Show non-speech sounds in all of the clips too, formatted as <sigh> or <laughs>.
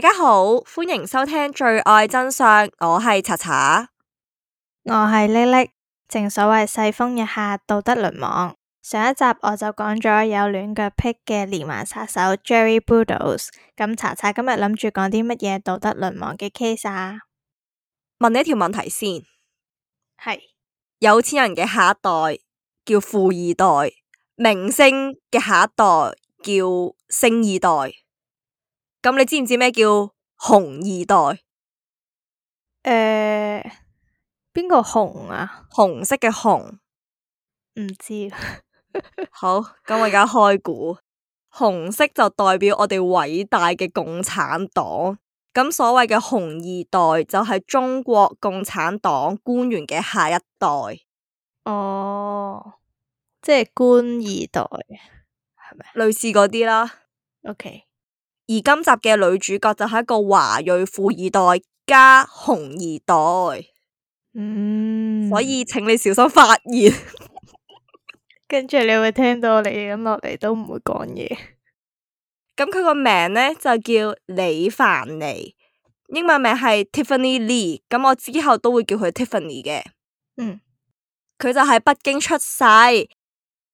大家好，歡迎收聽《罪愛真相》，我係查查，我係粒粒。正所謂世風日下，道德淪亡。上一集我就講咗有戀腳癖嘅連環殺手 Jerry Boodles。咁查查今日諗住講啲乜嘢道德淪亡嘅 case 啊？問你一條問題先，係是有錢人嘅下一代叫富二代，明星嘅下一代叫星二代。咁你知唔知咩叫紅二代？誒、嗯，邊個紅啊？紅色嘅紅知，唔 <laughs> 知。好，咁我而家開估，紅色就代表我哋偉大嘅共產黨。咁所謂嘅紅二代，就係中國共產黨官員嘅下一代。哦，即係官二代，係咪類似嗰啲啦？O K。Okay. 而今集嘅女主角就係一個華裔富二代加紅二代，嗯，所以請你小心發言。嗯。 <laughs> 跟住你會聽到你咁落嚟都唔會講嘢。咁佢個名咧就叫李凡尼，英文名係 Tiffany Li，咁我之後都會叫佢 Tiffany 嘅。嗯，佢就喺北京出世。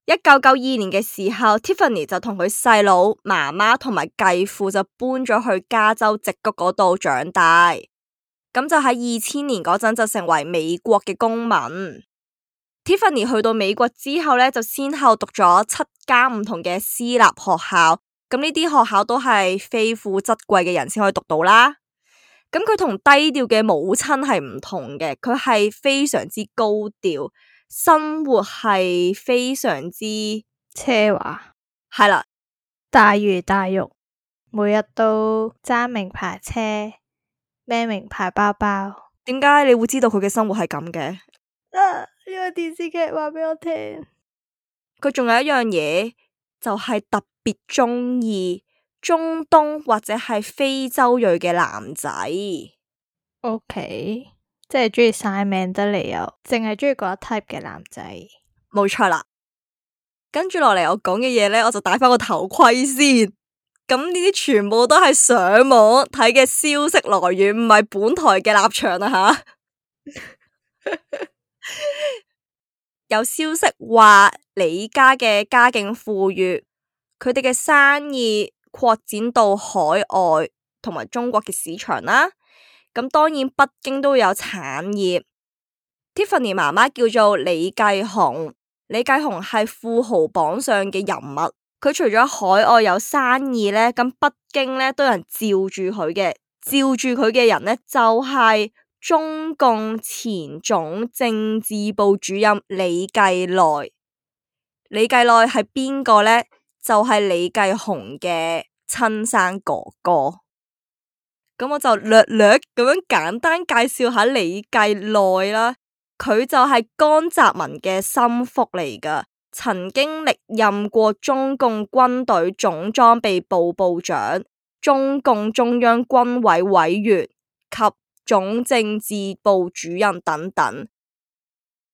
一九九二年嘅時候，Tiffany 就同佢細佬、媽媽同埋繼父就搬咗去加州直谷嗰度長大。咁就喺二千年嗰陣就成為美國嘅公民。Tiffany 去到美國之後咧，就先後讀咗七間唔同嘅私立學校。咁呢啲學校都係非富則貴嘅人先可以讀到啦。咁佢同低調嘅母親係唔同嘅，佢係非常之高調。生活係非常之奢華，係啦，大魚大肉，每日都揸名牌車，孭名牌包包。點解你會知道佢嘅生活係咁嘅？啊，呢個電視劇話畀我聽。佢仲有一樣嘢，就係特別鍾意中東或者係非洲裔嘅男仔。OK。即係中意晒命得嚟又，淨係中意嗰 type 嘅男仔，冇錯啦。跟住落嚟，我講嘅嘢咧，我就戴翻個頭盔先。咁呢啲全部都係上網睇嘅消息來源，唔係本台嘅立場啊！吓 <laughs> <laughs> <laughs> 有消息話李家嘅家境富裕，佢哋嘅生意擴展到海外同埋中國嘅市場啦。咁當然北京都有產業。Tiffany 媽媽叫做李繼紅，李繼紅係富豪榜上嘅人物。佢除咗海外有生意咧，咁北京咧都有人罩住佢嘅，罩住佢嘅人咧就係、是、中共前總政治部主任李繼耐。李繼耐係邊個咧？就係、是、李繼紅嘅親生哥哥。咁、嗯、我就略略咁樣簡單介紹下李繼耐啦，佢就係江澤民嘅心腹嚟噶，曾經歷任過中共軍隊總裝備部部長、中共中央軍委委員及總政治部主任等等。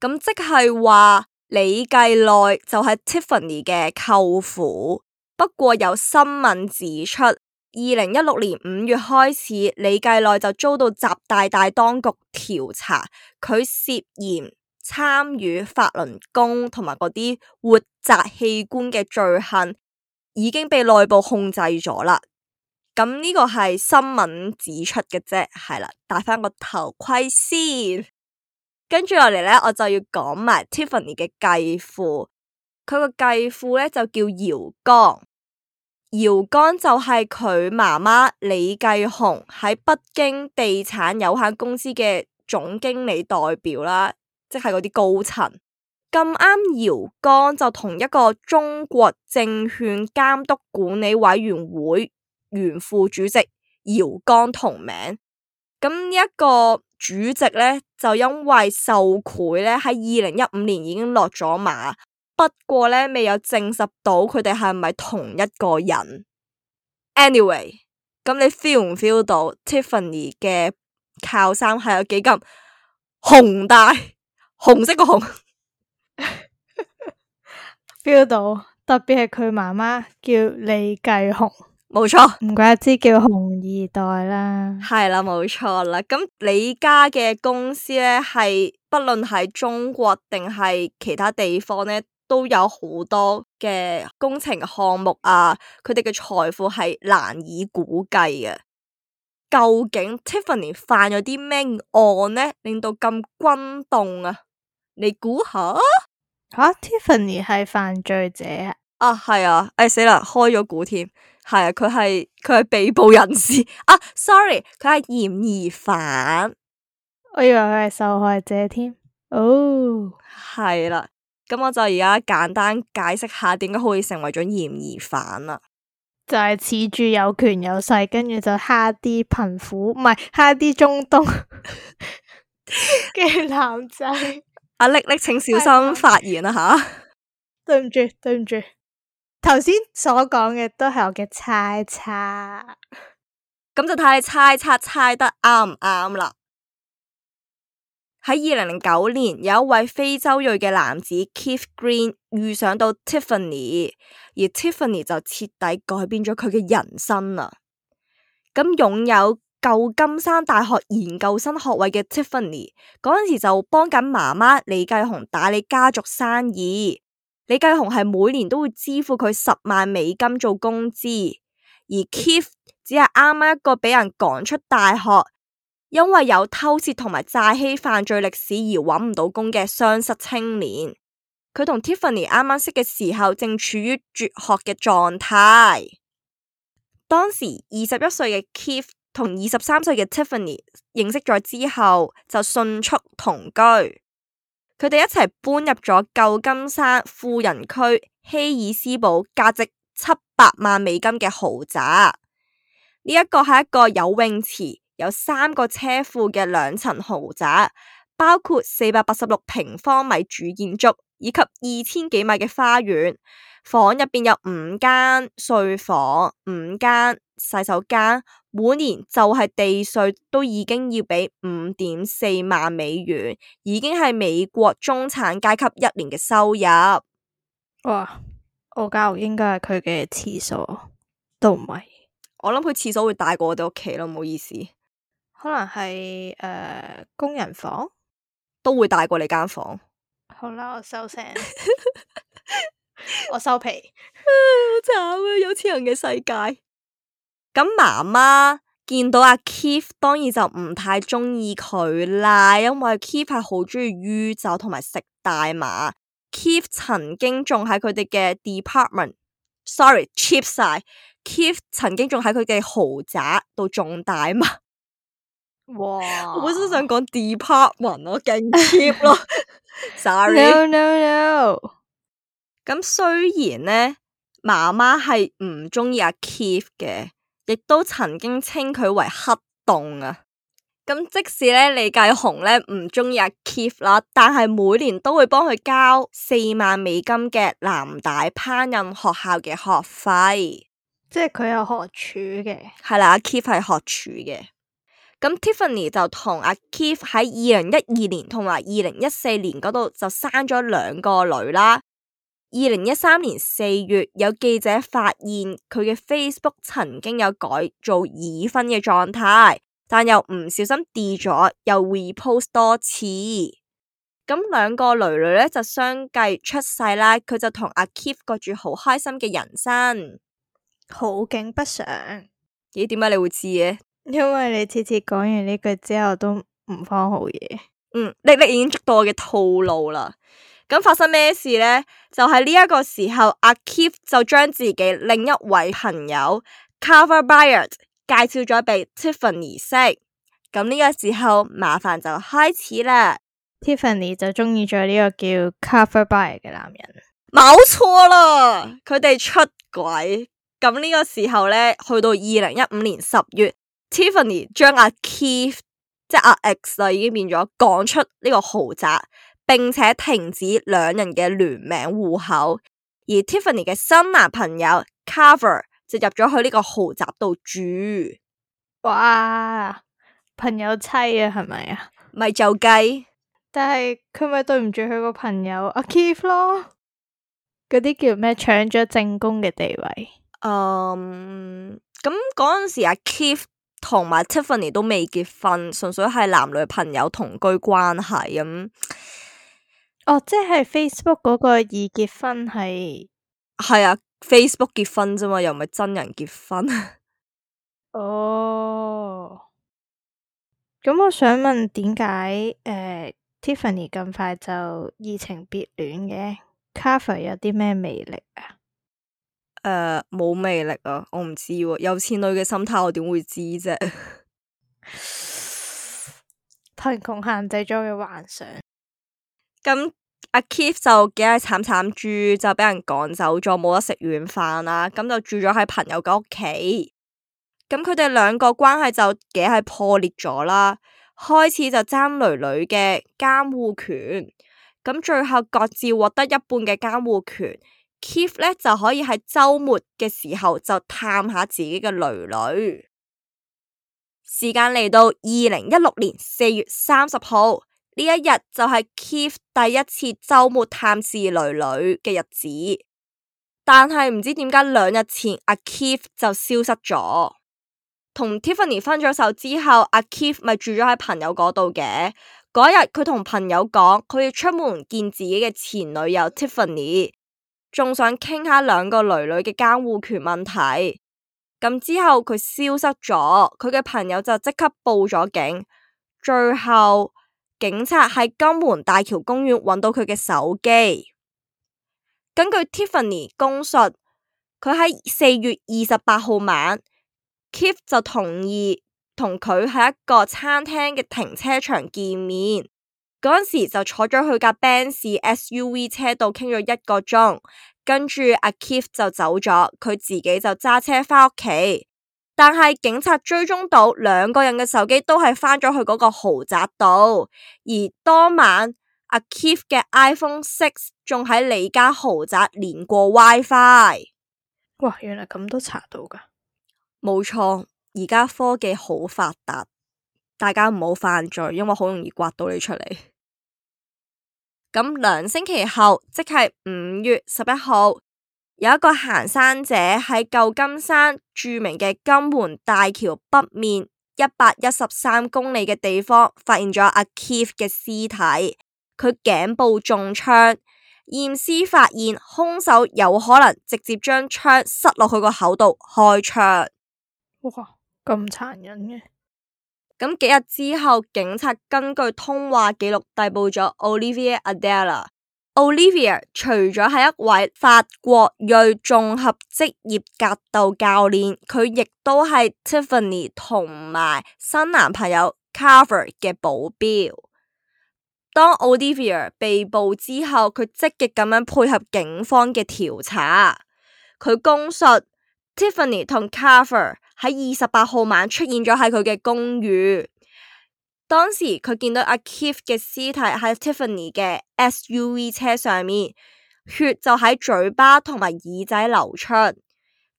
咁、嗯、即係話李繼耐就係 Tiffany 嘅舅父，不過有新聞指出。二零一六年五月開始，李繼內就遭到習大大當局調查，佢涉嫌參與法輪功同埋嗰啲活摘器官嘅罪行，已經被內部控制咗啦。咁、嗯、呢、這個係新聞指出嘅啫，係啦，戴翻個頭盔先。跟住落嚟咧，我就要講埋 Tiffany 嘅繼父，佢個繼父咧就叫姚剛。姚剛就係佢媽媽李繼紅喺北京地產有限公司嘅總經理代表啦，即係嗰啲高層。咁啱姚剛就同一個中國證券監督管理委員會原副主席姚剛同名。咁呢一個主席咧，就因為受賄咧，喺二零一五年已經落咗馬。不過咧，未有證實到佢哋係咪同一個人。Anyway，咁你 feel 唔 feel 到 Tiffany 嘅靠山係有幾咁紅大？紅色個紅 feel <laughs> <laughs> 到特別媽媽，特別係佢媽媽叫李繼紅，冇錯錯，唔怪之叫紅二代、啊、啦。係啦，冇錯啦。咁你家嘅公司咧，係不論喺中國定係其他地方咧。都有好多嘅工程項目啊！佢哋嘅財富係難以估計嘅。究竟 Tiffany 犯咗啲咩案呢？令到咁轟動啊！你估下、啊？吓、啊、Tiffany 係犯罪者啊？啊，係啊！哎死啦，開咗股添，係啊！佢係佢係被捕人士啊！Sorry，佢係嫌疑犯。我以為佢係受害者添。哦，係啦、啊。咁我就而家簡單解釋下點解可以成為咗嫌疑犯啦、啊，就係恃住有權有勢，跟住就蝦啲貧苦，唔係蝦啲中東嘅 <laughs> <laughs> 男仔。阿叻、 <laughs> 啊，叻，請小心 <laughs> 發言啦、啊、吓！ <laughs> 對唔住，對唔住，頭先所講嘅都係我嘅猜測，咁就睇你猜測猜，猜，猜得啱唔啱啦。喺二零零九年，有一位非洲裔嘅男子 Keith Green 遇上到 Tiffany，而 Tiffany 就徹底改變咗佢嘅人生啦。咁、嗯、擁有舊金山大學研究生學位嘅 Tiffany，嗰陣時就幫緊媽媽李繼紅打理家族生意。李繼紅係每年都會支付佢十萬美金做工資，而 Keith 只係啱啱一個俾人趕出大學。因為有偷竊同埋詐欺犯罪歷史而揾唔到工嘅雙失青年，佢同 Tiffany 啱啱識嘅時候正處於絕學嘅狀態。當時二十一歲嘅 Keith 同二十三歲嘅 Tiffany 認識咗之後，就迅速同居。佢哋一齊搬入咗舊金山富人區希爾斯堡價值七百萬美金嘅豪宅。呢一個係一個游泳池，有三個車庫嘅兩層豪宅，包括四百八十六平方米主建築以及二千幾米嘅花園。房入邊有五間睡房、五間洗手間。每年就係地稅都已經要畀五點四萬美元，已經係美國中產階級一年嘅收入。哇！我家屋應該係佢嘅廁所，都唔係。我諗佢廁所會大過我哋屋企咯，唔好意思。可能係誒、呃、工人房都會大過你間房。好啦，我收聲， <laughs> 我收皮。 <laughs> <laughs> 好慘啊！有錢人嘅世界。咁媽媽見到阿 Keith 當然就唔太中意佢啦，因為 Keith 係好中意酗酒同埋食大麻。Sorry, side, Keith 曾經仲喺佢哋嘅 department，sorry cheap 晒。Keith 曾經仲喺佢嘅豪宅度種大麻。 <music> <music> <music> 哇！ <laughs> 我本身想講 department 咯，勁 <laughs> keep 咯 <laughs> ，sorry。No，no，no。咁雖然咧，媽媽係唔中意阿 Keith 嘅，亦都曾經稱佢為黑洞啊。咁即使咧李繼雄咧唔中意阿 Keith 啦，但係每年都會幫佢交四萬美金嘅南大烹飪學校嘅學費。即係佢係學廚嘅。係啦，阿 Keith 係學廚嘅。咁 Tiffany 就同阿 Keith 喺二零一二年同埋二零一四年嗰度就生咗兩個女啦。二零一三年四月，有記者發現佢嘅 Facebook 曾經有改做已婚嘅狀態，但又唔小心 delete 咗，又 repost 多次。咁兩個女女咧就相繼出世啦。佢就同阿 Keith 過住好開心嘅人生，好景不常。咦？點解你會知嘅？因為你次次講完呢句之後都唔慌好嘢。嗯，你你已經捉到我嘅套路啦。咁發生咩事咧？就係呢一個時候，阿 Keep 就將自己另一位朋友 Carver Byrd 介紹咗畀 Tiffany 識。咁呢個時候麻煩就開始啦。Tiffany 就中意咗呢個叫 Carver Byrd 嘅男人。冇錯啦，佢哋、嗯、出軌。咁呢個時候咧，去到二零一五年十月。Tiffany 將阿 Keith 即係阿 X 啦，已經變咗趕出呢個豪宅，並且停止兩人嘅聯名戶口。而 Tiffany 嘅新男朋友 Cover 就入咗去呢個豪宅度住。哇，朋友妻啊，係咪啊？咪就計？但係佢咪對唔住佢個朋友阿 Keith 咯？嗰啲叫咩？搶咗正宮嘅地位。嗯，咁嗰陣時阿 Keith。同埋 Tiffany 都未結婚，純粹係男女朋友同居關係咁。嗯、哦，即係 Facebook 嗰個已結婚係？係啊，Facebook 結婚啫嘛，又唔係真人結婚。哦。咁我想問，點解誒 Tiffany 咁快就移情別戀嘅？Katherine 有啲咩魅力啊？誒，冇、uh, 魅力啊！我唔知喎，啊，有錢女嘅心態我點會知啫，啊？貧 <laughs> 窮限制咗嘅幻想。咁阿，嗯啊、Keith 就幾係慘慘豬，就俾人趕走咗，冇得食軟飯啦。咁，嗯、就住咗喺朋友嘅屋企。咁佢哋兩個關係就幾係破裂咗啦。開始就爭女女嘅監護權，咁，嗯，最後各自獲得一半嘅監護權。Keith 呢就可以喺周末嘅時候就探下自己嘅女女。時間嚟到二零一六年四月三十號，呢一日就係 Keith 第一次周末探視女女嘅日子，但係唔知點解兩日前阿 Keith 就消失咗。同 Tiffany 分咗手之後，阿 Keith 咪住咗喺朋友嗰度嘅。嗰日佢同朋友講，佢要出門見自己嘅前女友 Tiffany。仲想傾下兩個女女嘅監護權問題，咁之後佢消失咗，佢嘅朋友就即刻報咗警，最後警察喺金門大橋公園揾到佢嘅手機。根據 Tiffany 供述，佢喺四月二十八號晚，Keith 就同意同佢喺一個餐廳嘅停車場見面。嗰陣時就坐咗去架 Benz SUV 車度傾咗一個鐘，跟住阿 Keith 就走咗，佢自己就揸車返屋企。但係警察追蹤到兩個人嘅手機都係返咗去嗰個豪宅度，而當晚阿 Keith 嘅 iPhone Six 仲喺李家豪宅連過 WiFi。Fi、哇！原來咁都查到噶，冇錯，而家科技好發達。大家唔好犯罪，因為好容易刮到你出嚟。咁兩星期後，即係五月十一號，有一個行山者喺舊金山著名嘅金門大橋北面一百一十三公里嘅地方，發現咗阿 Keith 嘅屍體。佢頸部中槍，驗屍發現兇手有可能直接將槍塞落佢個口度開槍。哇！咁殘忍嘅。咁、嗯、幾日之後，警察根據通話記錄逮捕咗 Olivia Adela。Olivia 除咗係一位法國裔綜合職業格鬥教練，佢亦都係 Tiffany 同埋新男朋友 Carver 嘅保鏢。當 Olivia 被捕之後，佢積極咁樣配合警方嘅調查，佢供述 Tiffany 同 Carver。喺二十八號晚出現咗喺佢嘅公寓，當時佢見到阿 Keith 嘅屍體喺 Tiffany 嘅 SUV 車上面，血就喺嘴巴同埋耳仔流出。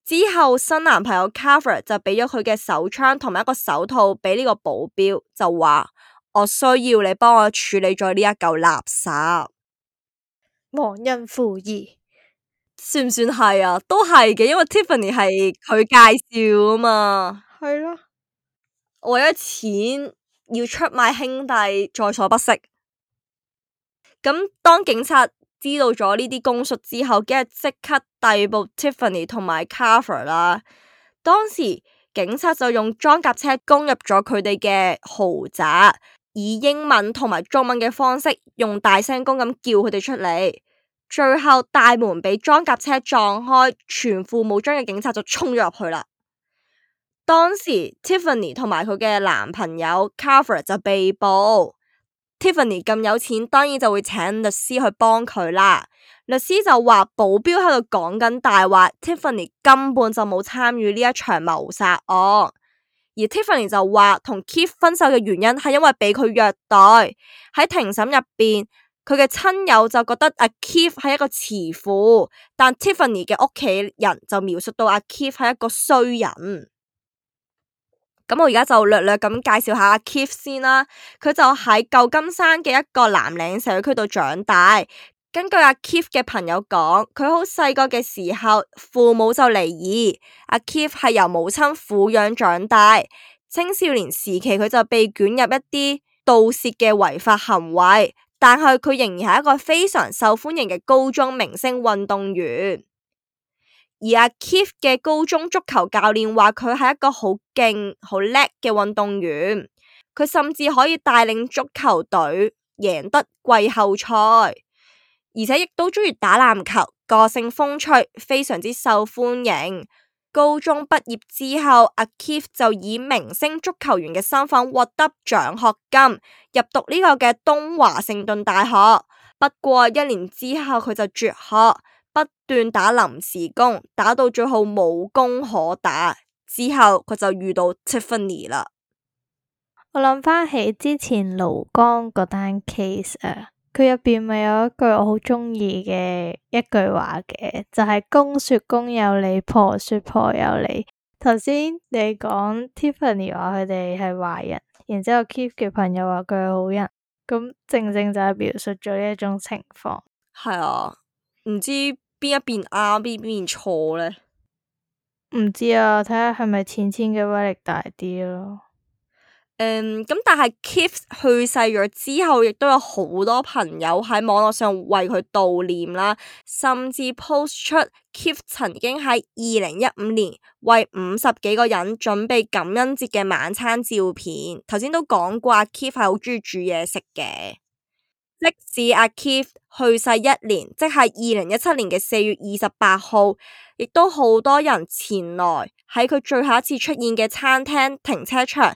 之後新男朋友 Cover 就畀咗佢嘅手槍同埋一個手套畀呢個保鏢，就話我需要你幫我處理咗呢一嚿垃圾，忘恩負義。算唔算係啊？都係嘅，因為 Tiffany 係佢介紹啊嘛。係咯，為咗錢要出賣兄弟，在所不惜。咁當警察知道咗呢啲供述之後，梗係即刻逮捕 Tiffany 同埋 Kaveh 啦。當時警察就用裝甲車攻入咗佢哋嘅豪宅，以英文同埋中文嘅方式，用大聲公咁叫佢哋出嚟。最後大門被裝甲車撞開，全副武裝嘅警察就衝咗入去啦。當時 Tiffany 同埋佢嘅男朋友 Carver 就被捕。Tiffany 咁有錢，當然就會請律師去幫佢啦。律師就話保鏢喺度講緊大話，Tiffany 根本就冇參與呢一場謀殺案。而 Tiffany 就話同 Keith 分手嘅原因係因為俾佢虐待。喺庭審入邊。佢嘅親友就覺得阿 Keith 係一個慈父，但 Tiffany 嘅屋企人就描述到阿 Keith 係一個衰人。咁我而家就略略咁介紹下阿 Keith 先啦。佢就喺舊金山嘅一個藍嶺社區度長大。根據阿 Keith 嘅朋友講，佢好細個嘅時候父母就離異，阿 Keith 係由母親撫養長大。青少年時期佢就被捲入一啲盜竊嘅違法行為。但係佢仍然係一個非常受歡迎嘅高中明星運動員，而阿 Keith 嘅高中足球教練話佢係一個好勁、好叻嘅運動員，佢甚至可以帶領足球隊贏得季後賽，而且亦都鍾意打籃球，個性風趣，非常之受歡迎。高中畢業之後，阿 Keith 就以明星足球員嘅身份獲得獎學金，入讀呢個嘅東華盛頓大學。不過一年之後佢就輟學，不斷打臨時工，打到最後無工可打。之後佢就遇到 Tiffany 啦。我諗翻起之前盧江嗰單 case 啊。佢入邊咪有一句我好中意嘅一句話嘅，就係、是、公說公有理，婆說婆有理。頭先你講 Tiffany 話佢哋係壞人，然之後 Keith 嘅朋友話佢係好人，咁正正就係描述咗呢一種情況。係啊，唔知邊一邊啱，邊一邊錯咧？唔知啊，睇下係咪淺淺嘅威力大啲咯。嗯，咁但係 Keith 去世咗之後，亦都有好多朋友喺網絡上為佢悼念啦，甚至 post 出 Keith 曾經喺二零一五年為五十幾個人準備感恩節嘅晚餐照片。頭先都講過，Keith 係好中意煮嘢食嘅。即使阿 Keith 去世一年，即係二零一七年嘅四月二十八號，亦都好多人前來喺佢最後一次出現嘅餐廳停車場，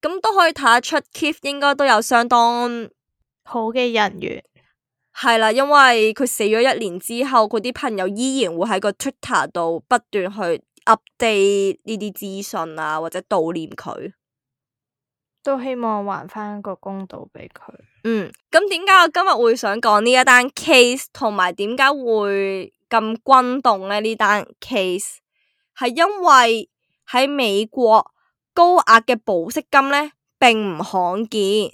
咁都可以睇得出 Keith 應該都有相當好嘅人緣。係啦、嗯，因為佢死咗一年之後，佢啲朋友依然會喺個 Twitter 度不斷去 update 呢啲資訊啊，或者悼念佢。都希望還翻個公道畀佢。嗯，咁點解我今日會想講呢一單 case，同埋點解會咁轟動咧？呢單 case 係因為喺美國。高額嘅保釋金呢，並唔罕見，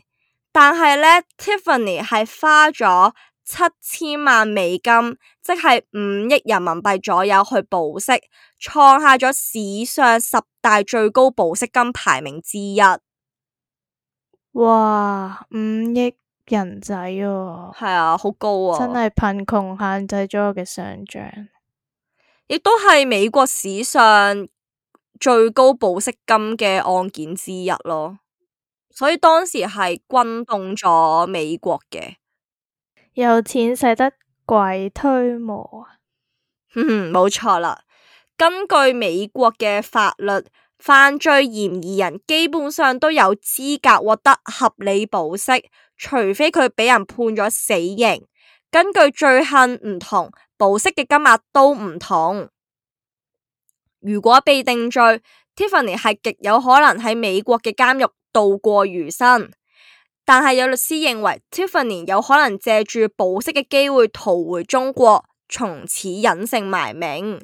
但係呢 Tiffany 係花咗七千萬美金，即係五億人民幣左右去保釋，創下咗史上十大最高保釋金排名之一。哇，五億人仔，哦，係啊，好高啊，哦，真係貧窮限制咗我嘅想象，亦都係美國史上。最高保釋金嘅案件之一咯所以當時係轟動咗美國嘅。有錢使得鬼推磨啊！哼哼、嗯，冇錯啦。根據美國嘅法律，犯罪嫌疑人基本上都有資格獲得合理保釋，除非佢畀人判咗死刑。根據罪行唔同，保釋嘅金額都唔同。如果被定罪，Tiffany 係極有可能喺美國嘅監獄度過餘生。但係有律師認為，Tiffany 有可能借住保釋嘅機會逃回中國，從此隱姓埋名。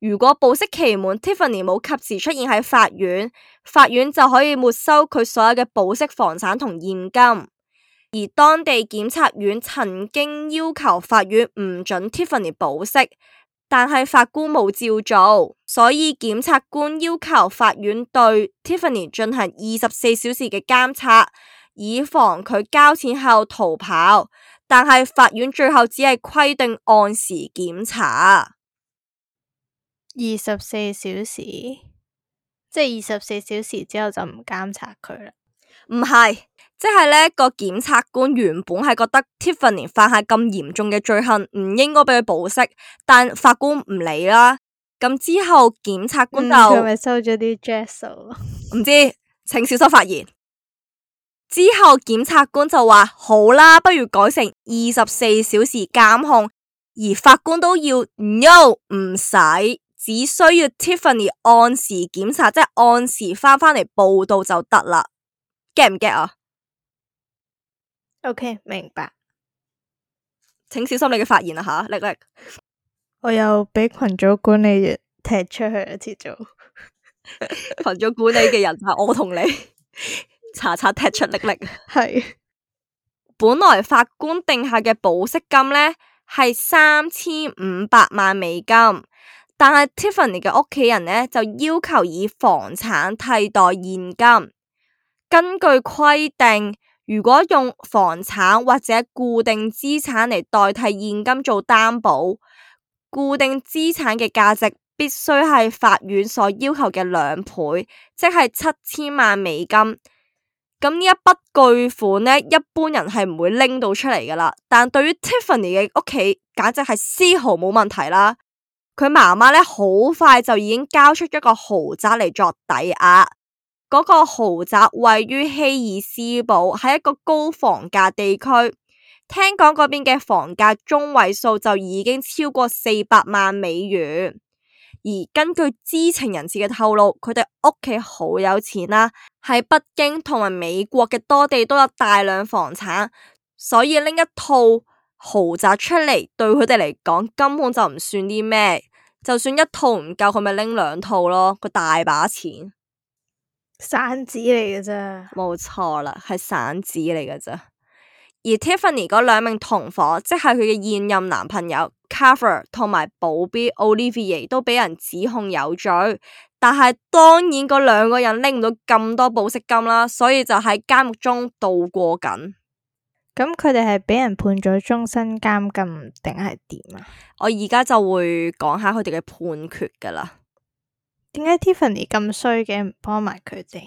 如果保釋期滿，Tiffany 冇及時出現喺法院，法院就可以沒收佢所有嘅保釋房產同現金。而當地檢察院曾經要求法院唔準 Tiffany 保釋，但係法官冇照做。所以檢察官要求法院對 Tiffany 進行二十四小時嘅監察，以防佢交錢後逃跑。但係法院最後只係規定按時檢查二十四小時，即係二十四小時之後就唔監察佢啦。唔係，即係呢個檢察官原本係覺得 Tiffany 犯下咁嚴重嘅罪行，唔應該畀佢保釋，但法官唔理啦。咁之後檢察官就，係咪收咗啲 jesso？唔知，請小心發言。之後檢察官就話：好啦，不如改成二十四小時監控，而法官都要 No 唔使，只需要 Tiffany 按時檢查，即係按時翻返嚟報道就得啦。get 唔 get 啊？OK，明白。請小心你嘅發言啊！吓，力力我又俾群組管理員踢出去。一次。組 <laughs> 群組管理嘅人係我同你查查踢出力力係。 <laughs> 是本來法官定下嘅保釋金呢係三千五百萬美金，但係 Tiffany 嘅屋企人呢就要求以房產替代，代現金。根據規定，如果用房產或者固定資產嚟代替現金做擔保。固定資產嘅價值必須係法院所要求嘅兩倍，即係七千萬美金。咁呢一筆巨款咧，一般人係唔會拎到出嚟噶啦。但對於 Tiffany 嘅屋企，簡直係絲毫冇問題啦。佢媽媽咧，好快就已經交出一個豪宅嚟作抵押。嗰個豪宅位於希爾斯堡，係一個高房價地區。聽講嗰邊嘅房價中位數就已經超過四百萬美元，而根據知情人士嘅透露，佢哋屋企好有錢啦、啊，喺北京同埋美國嘅多地都有大量房產，所以拎一套豪宅出嚟對佢哋嚟講根本就唔算啲咩。就算一套唔夠，佢咪拎兩套咯，佢大把錢。散紙嚟嘅啫，冇錯啦，係散紙嚟嘅啫。而 Tiffany 嗰兩名同伙，即係佢嘅現任男朋友 Carver 同埋保鏢 Olivia，都畀人指控有罪，但係當然嗰兩個人拎唔到咁多保釋金啦，所以就喺監獄中度過緊。咁佢哋係畀人判咗終身監禁定係點啊？我而家就會講下佢哋嘅判決噶啦。點解 Tiffany 咁衰嘅唔幫埋佢哋？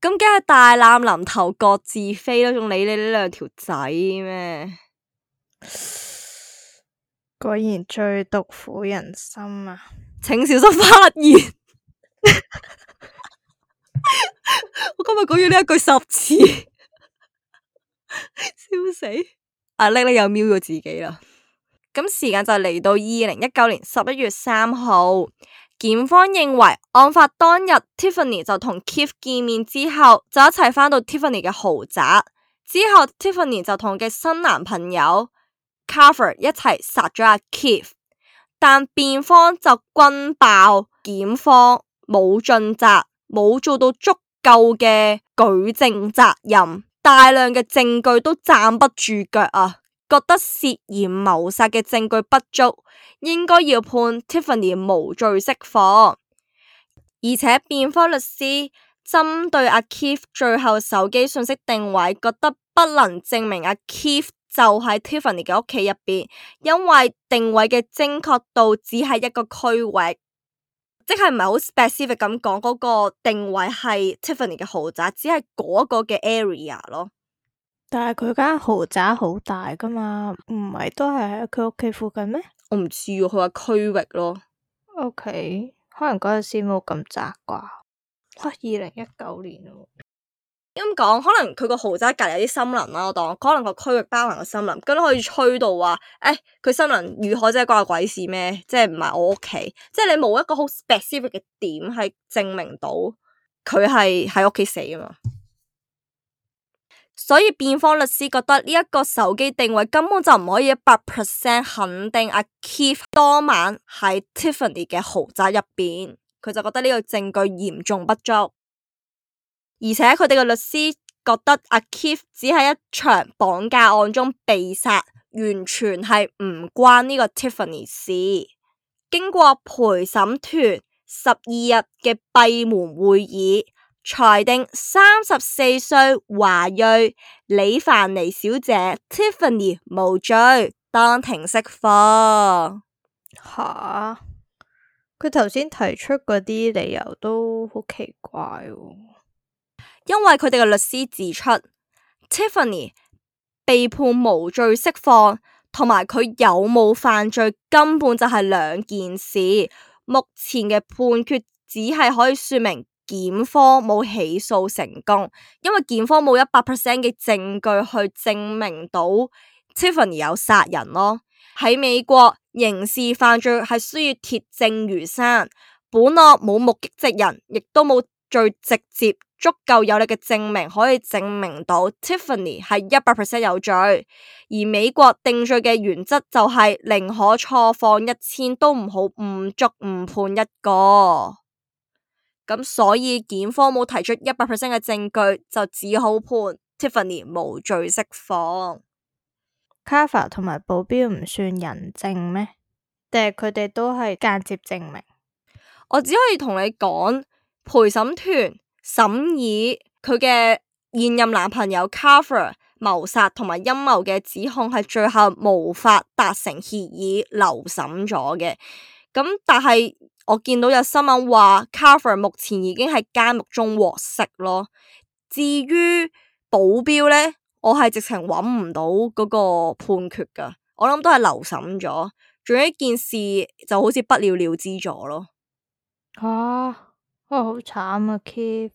咁梗係大難臨頭各自飛咯，仲理你呢兩條仔咩？果然最毒婦人心啊！請小心發言。我今日講咗呢一句十次，笑死！阿叻咧又瞄咗自己啦。咁時間就嚟到二零一九年十一月三號。檢方認為案發當日，Tiffany 就同 Keith 見面之後，就一齊返到 Tiffany 嘅豪宅。之後，Tiffany 就同佢嘅新男朋友 Carver 一齊殺咗阿 Keith。但辯方就轟爆檢方冇盡責，冇做到足夠嘅舉證責任，大量嘅證據都站不住腳啊！覺得涉嫌謀殺嘅證據不足，應該要判 Tiffany 無罪釋放。而且辯方律師針對阿 Keith 最後手機信息定位，覺得不能證明阿 Keith 就喺 Tiffany 嘅屋企入邊，因為定位嘅精確度只係一個區域，即係唔係好 specific 咁講嗰個定位係 Tiffany 嘅豪宅，只係嗰個嘅 area 咯。但係佢間豪宅好大噶嘛，唔係都係喺佢屋企附近咩？我唔知，佢話區域咯。Okay，可能嗰陣時冇咁窄啩。吓，二零一九年啊，咁講，可能佢個豪宅隔籬有啲森林啦，我當可能個區域包含個森林，咁都可以吹到話，誒、欸，佢森林如何，真係關我鬼事咩？即係唔係我屋企，即係你冇一個好 specific 嘅點係證明到佢係喺屋企死啊嘛。所以辯方律師覺得呢一個手機定位根本就唔可以一百 percent 肯定阿 Keith 當晚喺 Tiffany 嘅豪宅入邊，佢就覺得呢個證據嚴重不足，而且佢哋嘅律師覺得阿 Keith 只係一場綁架案中被殺，完全係唔關呢個 Tiffany 事。經過陪審團十二日嘅閉門會議。裁定三十四歲華裔李凡尼小姐 Tiffany 無罪，當庭釋放。吓，佢頭先提出嗰啲理由都好奇怪喎，因為佢哋嘅律師指出，Tiffany 被判無罪釋放，同埋佢有冇犯罪根本就係兩件事。目前嘅判決只係可以說明。檢方冇起訴成功，因為檢方冇一百 percent 嘅證據去證明到 Tiffany 有殺人咯。喺美國刑事犯罪係需要鐵證如山，本案冇目擊證人，亦都冇最直接足夠有力嘅證明可以證明到 Tiffany 係一百 percent 有罪。而美國定罪嘅原則就係、是、寧可錯放一千都，都唔好誤捉誤判一個。咁所以檢方冇提出一百 percent 嘅證據，就只好判 Tiffany 無罪釋放。Katherine 同埋保鏢唔算人證咩？定係佢哋都係間接證明？我只可以同你講，陪審團審議佢嘅現任男朋友 Katherine 謀殺同埋陰謀嘅指控，係最後無法達成協議審，留審咗嘅。咁但係。我見到有新聞話，Carver 目前已經喺監獄中獲釋咯。至於保鏢咧，我係直情揾唔到嗰個判決噶，我諗都係留審咗。仲有一件事就好似不了了之咗咯啊啊、Keep 之。啊，都好慘啊！Keep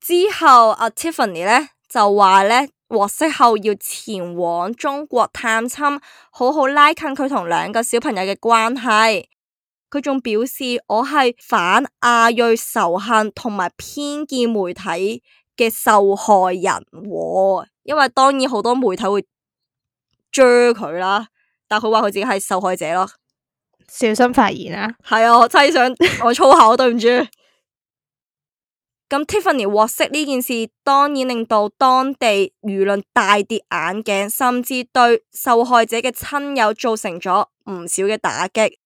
之後，阿 Tiffany 咧就話咧獲釋後要前往中國探親，好好拉近佢同兩個小朋友嘅關係。佢仲表示，我係反亞裔仇恨同埋偏見媒體嘅受害人喎，因為當然好多媒體會追佢啦，但佢話佢自己係受害者咯。小心發言啊！係啊，我真係想我粗口，對唔住。咁 <laughs> Tiffany 獲釋呢件事，當然令到當地輿論大跌眼鏡，甚至對受害者嘅親友造成咗唔少嘅打擊。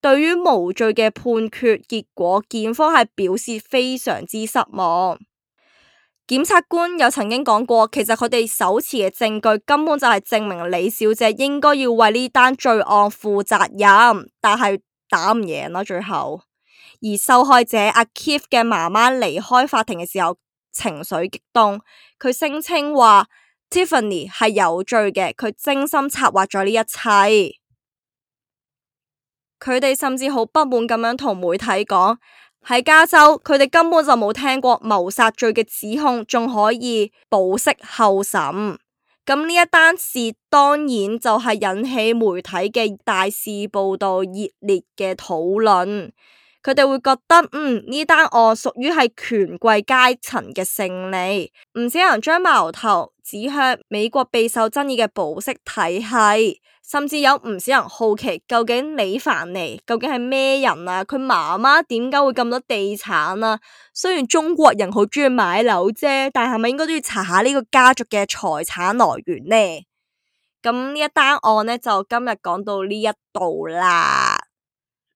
對於無罪嘅判決結果，檢方係表示非常之失望。檢察官有曾經講過，其實佢哋手持嘅證據根本就係證明李小姐應該要為呢單罪案負責任，但係打唔贏啦。最後，而受害者阿 Keith 嘅媽媽離開法庭嘅時候情緒激動，佢聲稱話 Tiffany 係有罪嘅，佢精心策劃咗呢一切。佢哋甚至好不滿咁樣同媒體講，喺加州，佢哋根本就冇聽過謀殺罪嘅指控，仲可以保釋候審。咁、嗯、呢一單事當然就係引起媒體嘅大肆報道，熱烈嘅討論。佢哋會覺得，嗯，呢單案屬於係權貴階層嘅勝利，唔少人將矛頭指向美國備受爭議嘅保釋體系。甚至有唔少人好奇，究竟李凡尼究竟係咩人啊？佢媽媽點解會咁多地產啊？雖然中國人好鍾意買樓啫，但係咪應該都要查下呢個家族嘅財產來源呢？咁呢一單案呢，就今日講到呢一度啦。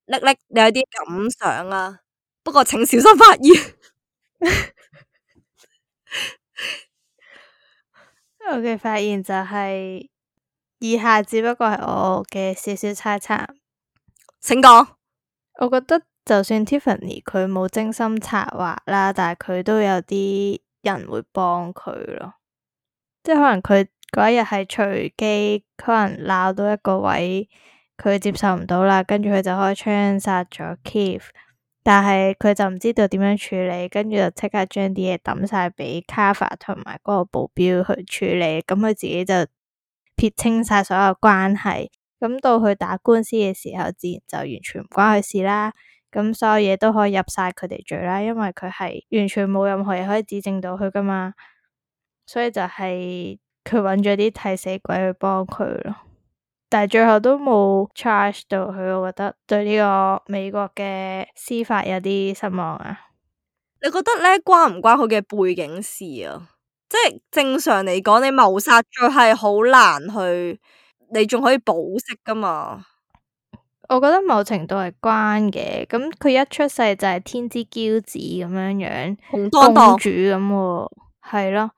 叻叻，你有啲感想啊？不過請小心發言、就是。我嘅發現就係。以下只不過係我嘅小小猜測，請講過。我覺得就算 Tiffany 佢冇精心策劃啦，但係佢都有啲人會幫佢咯，即係可能佢嗰一日係隨機，可能鬧到一個位佢接受唔到啦，跟住佢就開槍殺咗 Keith，但係佢就唔知道點樣處理，跟住就即刻將啲嘢抌晒畀 Kava 同埋嗰個保鏢去處理，咁佢自己就撇清晒所有關係，咁到佢打官司嘅時候，自然就完全唔關佢事啦。咁所有嘢都可以入晒佢哋罪啦，因為佢係完全冇任何嘢可以指證到佢噶嘛。所以就係佢揾咗啲替死鬼去幫佢咯。但係最後都冇 charge 到佢，我覺得對呢個美國嘅司法有啲失望啊。你覺得咧關唔關佢嘅背景事啊？即係正常嚟講，你謀殺罪係好難去，你仲可以保釋噶嘛？我覺得某程度係關嘅。咁佢一出世就係天之驕子咁樣樣，公主咁，係咯。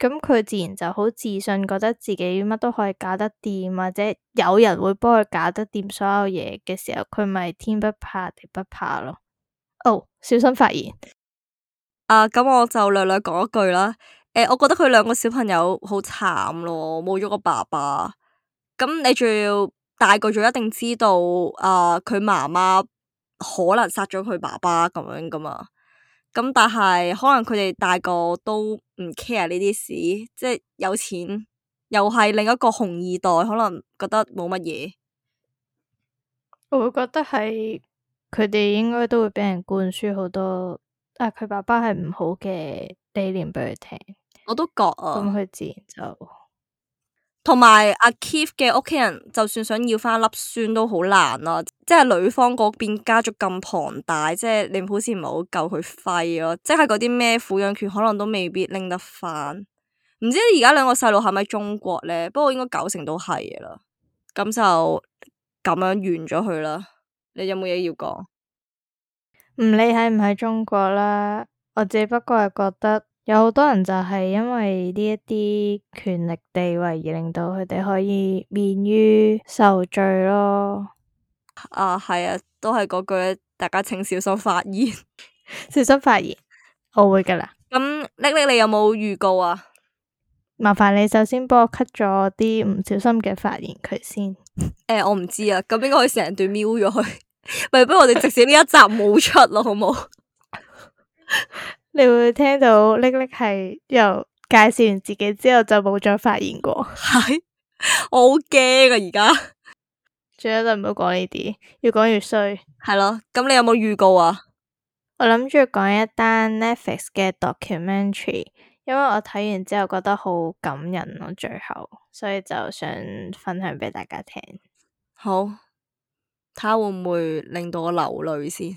咁佢自然就好自信，覺得自己乜都可以搞得掂，或者有人會幫佢搞得掂所有嘢嘅時候，佢咪天不怕地不怕咯。哦，小心發言。啊，咁我就略略講一句啦。誒、欸，我覺得佢兩個小朋友好慘咯，冇咗個爸爸。咁你仲要大個咗，一定知道啊，佢媽媽可能殺咗佢爸爸咁樣㗎嘛。咁但係可能佢哋大個都唔 care 呢啲事，即係有錢又係另一個紅二代，可能覺得冇乜嘢。我會覺得係佢哋應該都會俾人灌輸好多啊，佢爸爸係唔好嘅理念俾佢聽。我都覺啊，咁佢自然就同埋阿 Keith 嘅屋企人，就算想要翻粒孫都好難啦、啊。即係女方嗰邊家族咁龐大，即係你好似唔係好夠佢揮咯。即係嗰啲咩撫養權可能都未必拎得翻。唔知而家兩個細路喺咪中國咧？不過應該九成都係嘅啦。咁就咁樣完咗佢啦。你有冇嘢要講？唔理喺唔喺中國啦，我只不過係覺得。有好多人就係因為呢一啲權力地位而令到佢哋可以免於受罪咯。啊，係啊，都係嗰句咧，大家請小心發言，小心發言。我會噶啦。咁、嗯，叻叻，你有冇預告啊？麻煩你首先幫我 cut 咗啲唔小心嘅發言佢先。誒、呃，我唔知啊，咁應該可以成段 mute 咗佢。喂， <laughs> 不如我哋直接呢一集冇出咯， <laughs> 好冇不？ <laughs> 你會聽到瀝瀝係又介紹完自己之後就冇再發言過，係 <laughs> 我好驚啊！而家最好就唔好講呢啲，越講越衰。係咯，咁你有冇預告啊？我諗住講一單 Netflix 嘅 documentary，因為我睇完之後覺得好感人咯、啊，最後所以就想分享畀大家聽。好，睇下會唔會令到我流淚先？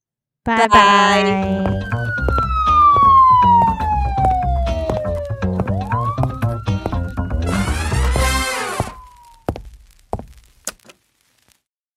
拜拜。